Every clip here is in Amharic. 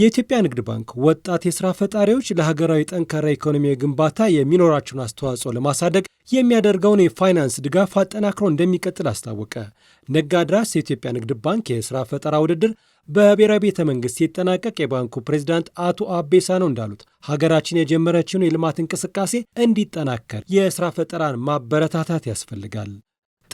የኢትዮጵያ ንግድ ባንክ ወጣት የስራ ፈጣሪዎች ለሀገራዊ ጠንካራ ኢኮኖሚ ግንባታ የሚኖራቸውን አስተዋጽኦ ለማሳደግ የሚያደርገውን የፋይናንስ ድጋፍ አጠናክሮ እንደሚቀጥል አስታወቀ። ነጋድራስ የኢትዮጵያ ንግድ ባንክ የስራ ፈጠራ ውድድር በብሔራዊ ቤተ መንግሥት ሲጠናቀቅ የባንኩ ፕሬዚዳንት አቶ አቤሳ ነው እንዳሉት ሀገራችን የጀመረችውን የልማት እንቅስቃሴ እንዲጠናከር የስራ ፈጠራን ማበረታታት ያስፈልጋል።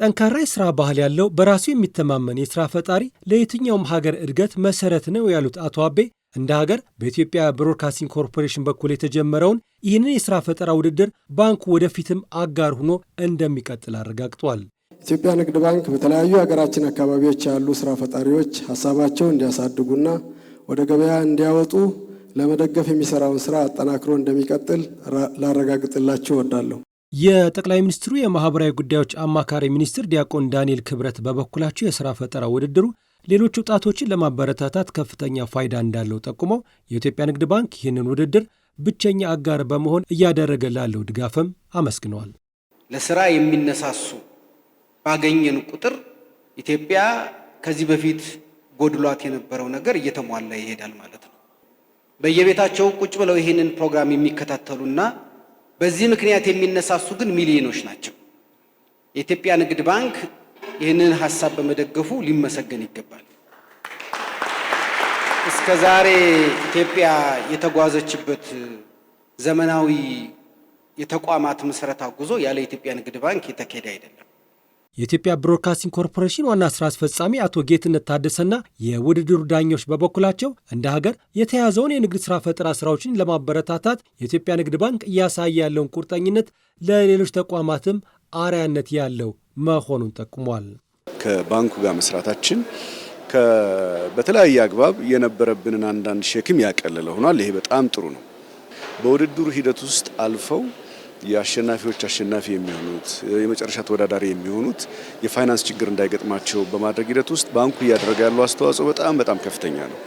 ጠንካራ የስራ ባህል ያለው በራሱ የሚተማመን የስራ ፈጣሪ ለየትኛውም ሀገር እድገት መሰረት ነው ያሉት አቶ አቤ እንደ ሀገር በኢትዮጵያ ብሮድካስቲንግ ኮርፖሬሽን በኩል የተጀመረውን ይህንን የሥራ ፈጠራ ውድድር ባንኩ ወደፊትም አጋር ሆኖ እንደሚቀጥል አረጋግጧል። ኢትዮጵያ ንግድ ባንክ በተለያዩ የሀገራችን አካባቢዎች ያሉ ስራ ፈጣሪዎች ሀሳባቸው እንዲያሳድጉና ወደ ገበያ እንዲያወጡ ለመደገፍ የሚሰራውን ስራ አጠናክሮ እንደሚቀጥል ላረጋግጥላችሁ እወዳለሁ። የጠቅላይ ሚኒስትሩ የማህበራዊ ጉዳዮች አማካሪ ሚኒስትር ዲያቆን ዳንኤል ክብረት በበኩላቸው የስራ ፈጠራ ውድድሩ ሌሎች ወጣቶችን ለማበረታታት ከፍተኛ ፋይዳ እንዳለው ጠቁመው የኢትዮጵያ ንግድ ባንክ ይህንን ውድድር ብቸኛ አጋር በመሆን እያደረገ ላለው ድጋፍም አመስግነዋል። ለስራ የሚነሳሱ ባገኘን ቁጥር ኢትዮጵያ ከዚህ በፊት ጎድሏት የነበረው ነገር እየተሟላ ይሄዳል ማለት ነው። በየቤታቸው ቁጭ ብለው ይህንን ፕሮግራም የሚከታተሉና በዚህ ምክንያት የሚነሳሱ ግን ሚሊዮኖች ናቸው። የኢትዮጵያ ንግድ ባንክ ይህንን ሀሳብ በመደገፉ ሊመሰገን ይገባል። እስከ ዛሬ ኢትዮጵያ የተጓዘችበት ዘመናዊ የተቋማት ምስረታ ጉዞ ያለ ኢትዮጵያ ንግድ ባንክ የተካሄደ አይደለም። የኢትዮጵያ ብሮድካስቲንግ ኮርፖሬሽን ዋና ስራ አስፈጻሚ አቶ ጌትነት ታደሰና የውድድሩ ዳኞች በበኩላቸው እንደ ሀገር የተያዘውን የንግድ ስራ ፈጠራ ስራዎችን ለማበረታታት የኢትዮጵያ ንግድ ባንክ እያሳየ ያለውን ቁርጠኝነት ለሌሎች ተቋማትም አርያነት ያለው መሆኑን ጠቁሟል። ከባንኩ ጋር መስራታችን በተለያየ አግባብ የነበረብንን አንዳንድ ሸክም ያቀለለ ሆኗል። ይሄ በጣም ጥሩ ነው። በውድድሩ ሂደት ውስጥ አልፈው የአሸናፊዎች አሸናፊ የሚሆኑት የመጨረሻ ተወዳዳሪ የሚሆኑት የፋይናንስ ችግር እንዳይገጥማቸው በማድረግ ሂደት ውስጥ ባንኩ እያደረገ ያለው አስተዋጽኦ በጣም በጣም ከፍተኛ ነው።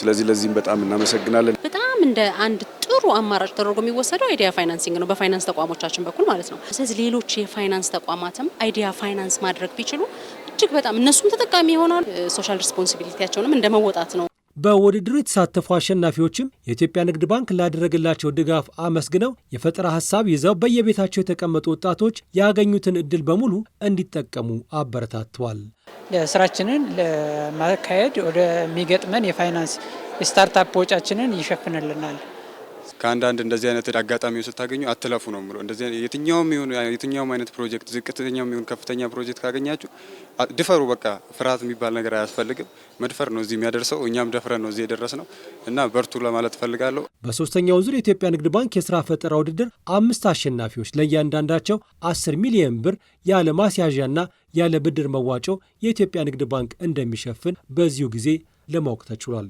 ስለዚህ ለዚህም በጣም እናመሰግናለን። በጣም እንደ አንድ ጥሩ አማራጭ ተደርጎ የሚወሰደው አይዲያ ፋይናንሲንግ ነው፣ በፋይናንስ ተቋሞቻችን በኩል ማለት ነው። ስለዚህ ሌሎች የፋይናንስ ተቋማትም አይዲያ ፋይናንስ ማድረግ ቢችሉ እጅግ በጣም እነሱም ተጠቃሚ ይሆናል። ሶሻል ሪስፖንሲቢሊቲያቸውንም እንደ መወጣት ነው። በውድድሩ የተሳተፉ አሸናፊዎችም የኢትዮጵያ ንግድ ባንክ ላደረገላቸው ድጋፍ አመስግነው የፈጠራ ሀሳብ ይዘው በየቤታቸው የተቀመጡ ወጣቶች ያገኙትን እድል በሙሉ እንዲጠቀሙ አበረታተዋል። ስራችንን ለማካሄድ ወደሚገጥመን የፋይናንስ ስታርታፕ ወጫችንን ይሸፍንልናል። ከአንዳንድ እንደዚህ አይነት አጋጣሚው ስታገኙ አትለፉ ነው ምሎ እንደዚህ የትኛውም ይሁን የትኛውም አይነት ፕሮጀክት ዝቅተኛም ይሁን ከፍተኛ ፕሮጀክት ካገኛችሁ ድፈሩ። በቃ ፍርሃት የሚባል ነገር አያስፈልግም። መድፈር ነው እዚህ የሚያደርሰው። እኛም ደፍረን ነው እዚህ የደረስ ነው እና በርቱ ለማለት ፈልጋለሁ በሶስተኛው ዙር የኢትዮጵያ ንግድ ባንክ የስራ ፈጠራ ውድድር አምስት አሸናፊዎች ለእያንዳንዳቸው አስር ሚሊየን ብር ያለ ማስያዣና ያለ ብድር መዋጮ የኢትዮጵያ ንግድ ባንክ እንደሚሸፍን በዚሁ ጊዜ ለማወቅ ተችሏል።